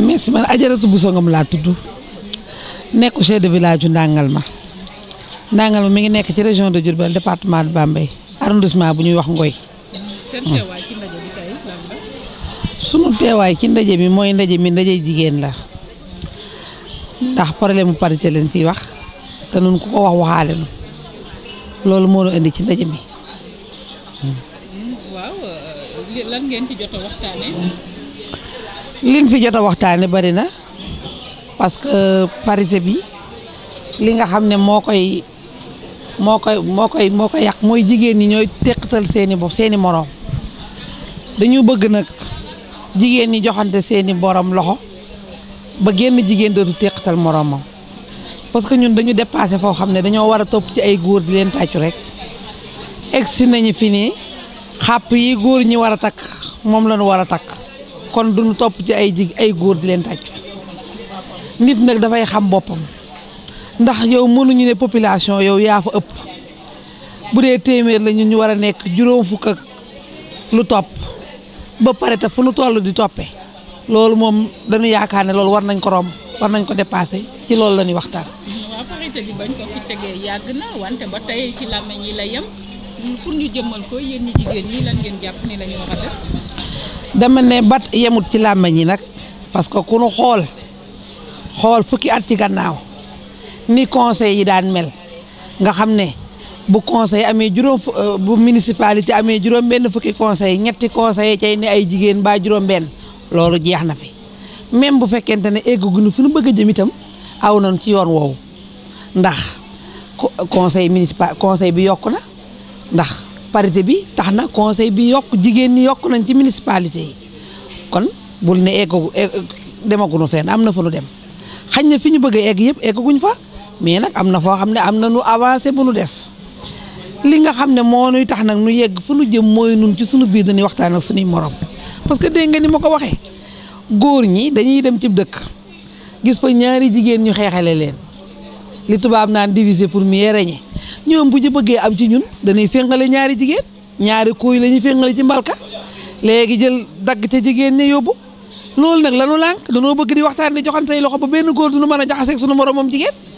merci man ajaratu bu mu laa tudd nekku chef de village ndàngalma Ndangalma mi ngi nekk ci région de Diourbel département de Bambey arrondissement bu ñuy wax Ngoy. sunu teewaay ci ndaje mi mooy ndaje mi ndaje jigéen la ndax problème mu parité leen fii wax te nun ku ko wax waxaale loolu moo la indi ci ndaje mi. Hmm. Euh, liñ fi jot a waxtaane bari na parce que parité bi li nga xam ne moo koy moo koy moo koy moo koy yàq mooy jigéen ñi ñooy teqatal seeni bopp seeni moroom dañu bëgg nag jigéen ñi joxante seeni borom loxo ba génn jigéen dootu teqatal moroomam parce que ñun dañu dépassé foo xam ne dañoo war a topp ci ay góor di leen tàccu rek egsi nañu fi nii xàpp yi góor ñi war a takk moom lañu war a takk kon duñu topp ci ay jig ay góor di leen tàccu nit nag dafay xam boppam ndax yow mënuñu ne population yow yaa fa ëpp bu dee téeméer la ñu ñu war a nekk juróom fukk ak lu topp ba pare te fu nu toll di toppe loolu moom dañu yaakaar ne loolu war nañ ko romb war nañ ko dépassé ci loolu la ñuy waxtaan. waaw parité bi ko fi tegee yàgg na dama ne bat yemut ci làmmiñ yi nag parce que ku nu xool xool fukki at ci gannaaw ni conseil yi daan mel nga xam ne bu conseil amee juróom euh, bu municipalité amee juróom benn fukki conseil ñetti conseil cay ne ay jigéen baa juróom benn loolu jeex na fi même bu fekkente ne egguñu fu nu bëgg a jëm itam aw nañ ci yoon woowu ndax conseil municipal conseil bi yokk na ndax parité bi tax na conseil bi yokk jigéen ñi yokk nañ ci municipalité yi kon bul ne eggagu demaguñu fenn am na fa nu dem xañ na fi ñu bëgg egg yëpp eggaguñ fa mais nag am na foo xam ne am na nu avancé bu nu def li nga xam ne moo nuy tax nag nu yegg fu nu jëm mooy nun ci sunu biir dañuy waxtaan ak sunuy morom parce que dégg nga ni ma ko waxee góor ñi dañuy dem ci dëkk gis fa ñaari jigéen ñu xeexale leen. li tubaab naan diviser pour mieux régner ñoom bu ñu bëggee am ci ñun dañuy féngale ñaari jigéen ñaari kuuy la ñuy féngale ci mbalka léegi jël dagg te jigéen ña yóbbu loolu nag lanu lànk danoo bëgg di waxtaan di joxantey loxo ba benn góor du nu mën a jaxaseeg sunu moromam jigéen